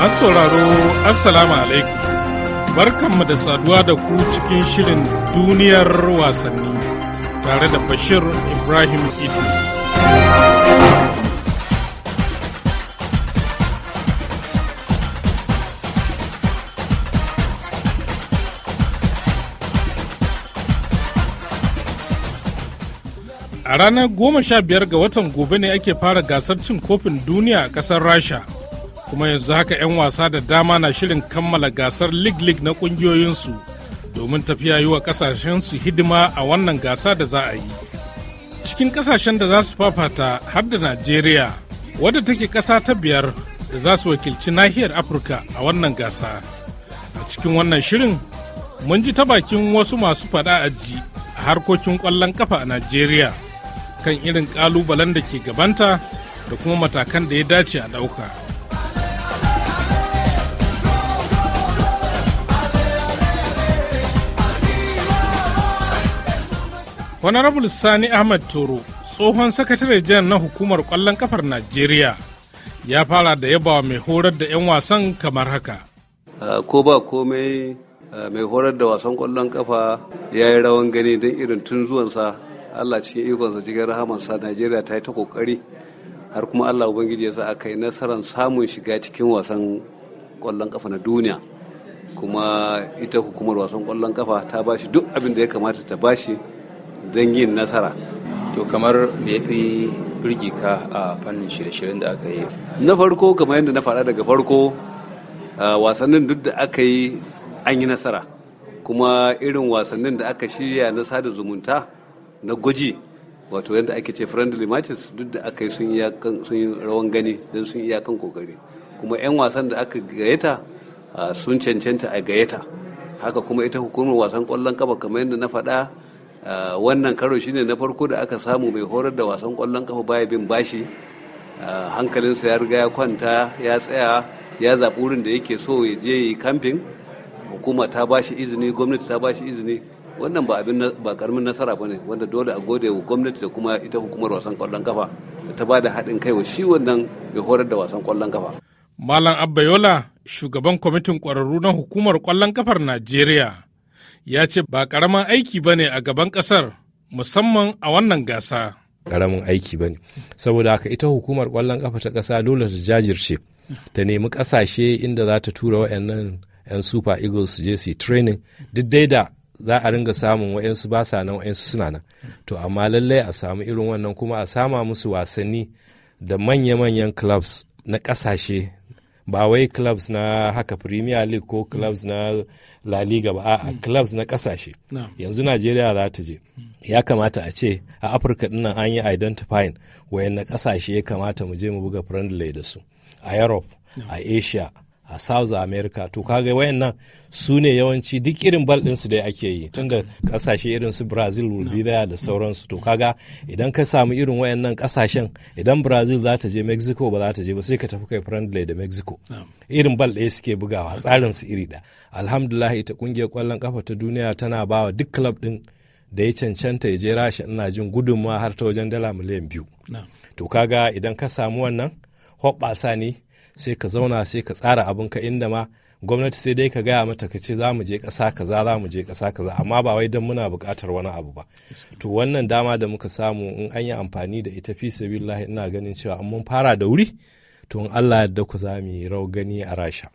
Masu sauraro Assalamu alaikum barkanmu da saduwa da ku cikin shirin duniyar wasanni tare da Bashir Ibrahim Idris. A ranar goma sha biyar ga watan gobe ne ake fara gasar cin kofin duniya a ƙasar Rasha. kuma yanzu haka 'yan wasa da dama na shirin kammala gasar lig-lig na kungiyoyinsu domin tafiya yi wa kasashensu hidima a wannan gasa da za a yi cikin kasashen da za su fafata har da najeriya wadda take kasa ta biyar da za su wakilci nahiyar afirka a wannan gasa a cikin wannan shirin mun ji ta bakin wasu masu fada aji a harkokin kwallon kafa a najeriya kan irin kalubalen da ke gabanta da kuma matakan da ya dace a ɗauka. honorable sani ahmad toro tsohon sakatare jan na hukumar kwallon kafar najeriya ya fara da yaba mai horar da 'yan wasan kamar haka ko ba komai mai horar da wasan kwallon kafa ya yi rawan gani don irin tun zuwansa allah cikin ikonsa cikin rahamansa najeriya ta yi ta kokari har kuma allah ubangiji ya sa aka yi nasarar samun shiga cikin wasan kwallon kafa na duniya kuma ita hukumar wasan kwallon kafa ta bashi duk abin da ya kamata ta bashi don yin nasara to kamar me yafi birgi ka a fannin shirye-shiryen da aka yi na farko kamar yadda na faɗa daga farko wasannin duk da aka yi an yi nasara kuma irin wasannin da aka shirya na sada zumunta na gwaji wato yadda ake ce friendly matches duk da aka yi sun yi rawan gani don sun iyakan kokari kuma 'yan wasan da aka gayyata sun cancanta a gayyata haka kuma ita hukumar wasan ƙwallon kafa kamar yadda na faɗa Eh, wannan karo shine na farko da aka samu mai horar da wasan kwallon kafa baya bin bashi eh, hankalinsa ya riga ya kwanta ya tsaya ya zaɓi wurin da yake so ya je yi kamfin hukuma ta bashi izini gwamnati ta bashi izini wannan ba abin ba karamin nasara bane wanda dole a gode wa gwamnati da kuma ita hukumar wasan kwallon kafa ta ba da haɗin kai wa shi wannan mai horar da wasan kwallon kafa malam abba yola shugaban kwamitin kwararru na hukumar kwallon kafar najeriya ya ce ba ƙaramin aiki ba ne a gaban ƙasar musamman a wannan gasa. Ƙaramin aiki ba ne, saboda haka ita hukumar ƙwallon ƙafa ta ƙasa dole ta jajirce, ta nemi ƙasashe inda za ta tura waɗannan 'yan Super Eagles je su training duk dai da za a ringa samun wa'ansu ba sa nan wa'ansu suna nan to amma lallai a samu irin wannan kuma a sama musu wasanni da manya-manyan clubs na ƙasashe ba wai clubs na haka premier league ko clubs na la liga ba a'a clubs na kasashe yanzu najeriya za ta je ya kamata a ce a afirka dinnan an yi identifying wayan na kasashe ya kamata mu je mu buga friendly da su a europe a asia a south america to kaga wayannan su ne yawanci duk irin bal da ake yi tun da kasashe irin su brazil bolivia da sauransu to kaga idan ka samu irin wayannan kasashen idan brazil za ta je mexico ba za ta je ba sai ka tafi kai friendly da mexico irin bal ɗaya suke bugawa tsarin su iri da alhamdulillah ita kungiyar kwallon kafa ta duniya tana bawa duk club din da ya cancanta ya je rasha ina jin gudunmawa har ta wajen dala miliyan biyu to kaga idan ka samu wannan hoɓɓasa ne sai ka zauna sai ka tsara ka inda ma gwamnati sai dai ka gaya mata ka ce za mu je ƙasa kaza za mu je ƙasa kaza amma ba wai don muna buƙatar wani abu ba to wannan dama da muka samu in an yi amfani da ita fi sabilillahi ina ganin cewa mun fara da wuri to in Allah yadda ku za mu yi rau gani a rasha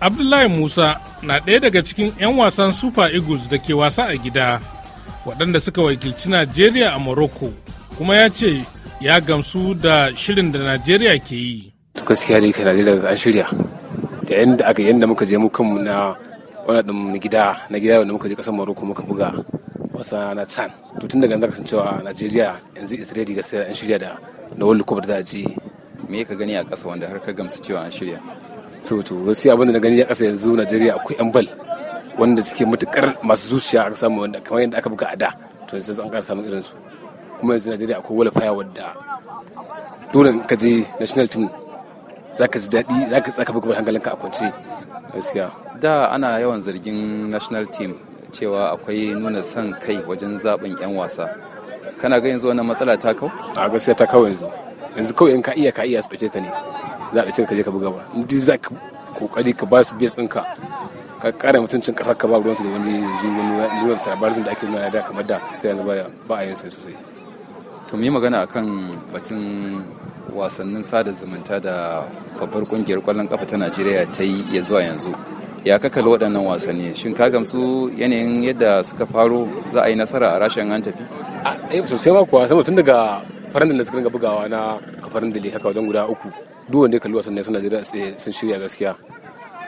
Abdullahi Musa na ɗaya daga cikin 'yan wasan super eagles da ke wasa a gida waɗanda suka wakilci najeriya a morocco kuma ya ce ya gamsu da shirin da najeriya ke yi gaskiya ne ke najeriya da shirya da yadda aka yadda muka je mu kanmu na wani na gida na gida wanda muka je ƙasar morocco muka buga wasa na can to tun daga nan cewa najeriya yanzu is ready gaskiya an shirya da na world cup da za a ji me ka gani a ƙasa wanda har ka gamsu cewa an shirya sautu wasu gaskiya abinda na gani ya kasa yanzu najeriya akwai yan bal wanda suke matukar masu zuciya aka samu wanda kamar yadda aka buga a da to yanzu an kara samun irin su kuma yanzu najeriya akwai wala faya wadda dole ka je national team za ka ji daɗi za ka tsaka buga ka a kwance gaskiya da ana yawan zargin national team cewa akwai nuna son kai wajen zaben yan wasa kana ga yanzu wannan matsala ta kau a gaskiya ta kau yanzu yanzu kawai in ka iya ka iya su ɗauke ka ne za a ɗauke ka je ka buga ba in duk za ka kokari ka ba su bes ɗinka ka kare mutuncin ƙasar ka ba su da wani yanzu wani nuna tabarin da ake nuna da kamar da ta yanzu ba a yin sai sosai. to mu yi magana akan batun wasannin sada zumunta da babbar kungiyar kwallon kafa ta najeriya ta yi ya zuwa yanzu ya kakal waɗannan wasanni shin ka gamsu yanayin yadda suka faro za a yi nasara a rashin an tafi a eh, sosai ba kuwa sama tun daga faran da suka bugawa na kafarin da haka wajen guda uku duk wanda ya kalli wasan nesa Najeriya sun shirya gaskiya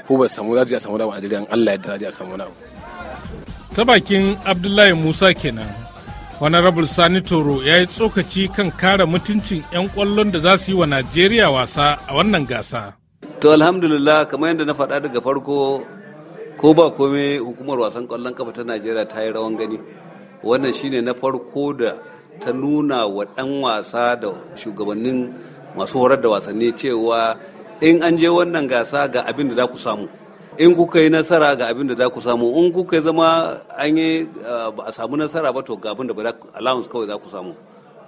ko ba samu za a samu da Najeriya in Allah yadda za a samu na ta bakin Abdullahi Musa kenan Honorable Sani Toro ya yi tsokaci kan kare mutuncin 'yan kwallon da za su yi wa Najeriya wasa a wannan gasa. To alhamdulillah kamar yadda na faɗa daga farko ko ba komai hukumar wasan kwallon kafa ta Najeriya ta yi rawan gani. Wannan shine na farko da ta nuna wa ɗan wasa da shugabannin masu horar da wasanni cewa in an je wannan gasa ga abin da za ku samu in kuka yi nasara ga abin da za ku samu in kuka zama an yi ah, ba a samu nasara ba to ga abin da ba allowance kawai za ku samu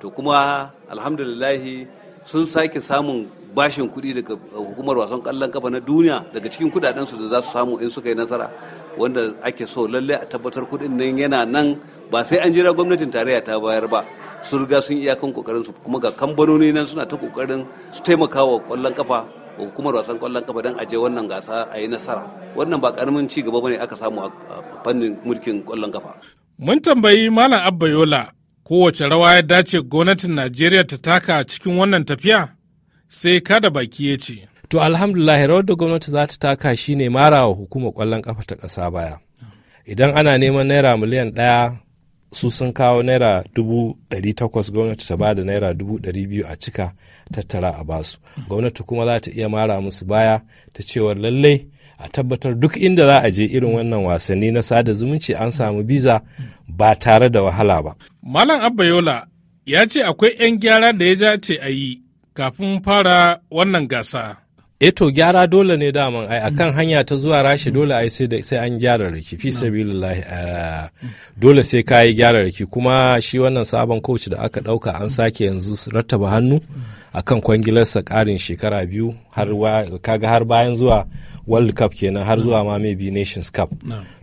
to kuma alhamdulillahi sun sake samun bashin kuɗi daga hukumar wasan kallon kafa na duniya daga cikin kudaden da za su samu in suka yi nasara wanda ake so lalle a tabbatar kuɗin nan yana nan ba sai an jira gwamnatin tarayya ta bayar ba sun riga sun iyakan kokarin su kuma ga kambanoni nan suna ta kokarin su taimaka wa kwallon kafa hukumar wasan kwallon kafa don aje wannan gasa a yi nasara wannan ba karamin ci gaba bane aka samu a fannin mulkin kwallon kafa mun tambayi malam abba yola kowace rawa ya dace gwamnatin najeriya ta taka cikin wannan tafiya sai kada baki ya ce to alhamdulillah rawar da gwamnati za ta taka shine mara wa hukumar kwallon kafa ta kasa baya idan ana neman naira miliyan ɗaya su sun kawo naira dubu ɗari takwas gwamnati ta bada naira dubu ɗari biyu a cika tattara a basu gwamnati kuma za ta iya mara musu baya ta cewar lallai a tabbatar duk inda za a je irin wannan wasanni na sada zumunci an samu biza ba tare da wahala ba malam abba yola ya ce akwai 'yan gyara da ya ce a yi kafin fara wannan gasa eto eh gyara dole ne daman ai akan hanya ta zuwa rashi dole ai sai sai an gyara raki fi sabilillahi eh, dole sai kayi gyara raki kuma shi wannan sabon coach da aka dauka an sake yanzu rattaba hannu akan kwangilarsa karin shekara biyu har kaga har bayan zuwa world cup kenan har zuwa ma maybe nations cup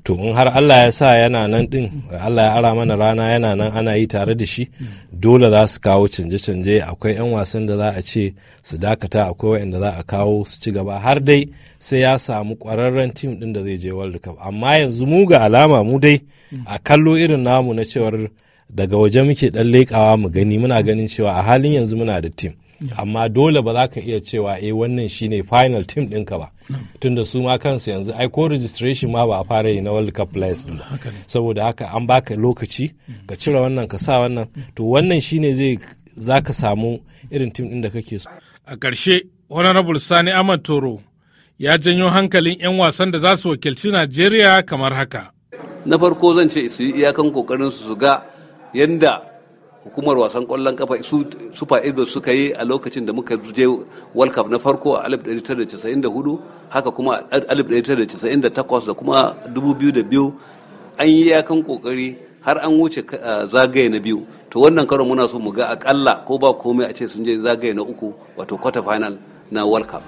to in har allah ya sa yana nan din allah ya ara mana rana yana nan ana yi tare da shi dole za su kawo canje-canje akwai 'yan wasan da za a ce su dakata akwai wa'anda za a kawo su ci gaba har dai sai ya samu kwararren tim din da zai je world cup amma yanzu mu ga alama mu dai mm. a kallo irin namu na cewar daga waje muke dan lekawa mu gani muna ganin cewa a halin yanzu muna da tim amma dole ba za ka iya cewa eh wannan shine final team ɗinka ba tunda su ma kansu yanzu ai ko registration ma ba a fara yi na world cup players ɗin saboda haka an baka lokaci ka cire wannan ka sa wannan to wannan shine zai za ka samu irin team ɗin da kake so a ƙarshe honorable sani ahmad toro ya janyo hankalin 'yan wasan da za su wakilci najeriya kamar haka na farko zan ce su yi iyakan kokarin su ga yadda hukumar wasan kwallon kafa super eagles suka yi a lokacin da muka je world cup na farko a 1994 haka kuma a 1998 da kuma 2002 an yi yakan kokari har an wuce zagaye na biyu to wannan karo muna so mu ga akalla ko ba komai a ce sun je zagaye na uku wato quarter final na world cup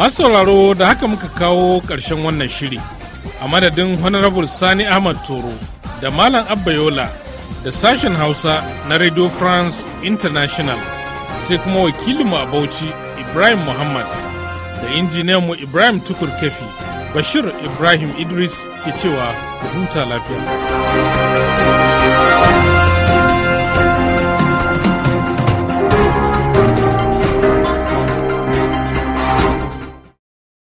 masu sauraro da haka muka kawo ƙarshen wannan shiri a madadin honorable sani ahmad toro da malam abbayola da sashen hausa na radio france international sai kuma wakilinmu a bauchi ibrahim muhammad da injiniyanmu ibrahim tukur kefi bashir ibrahim idris ke cewa ku huta lafiya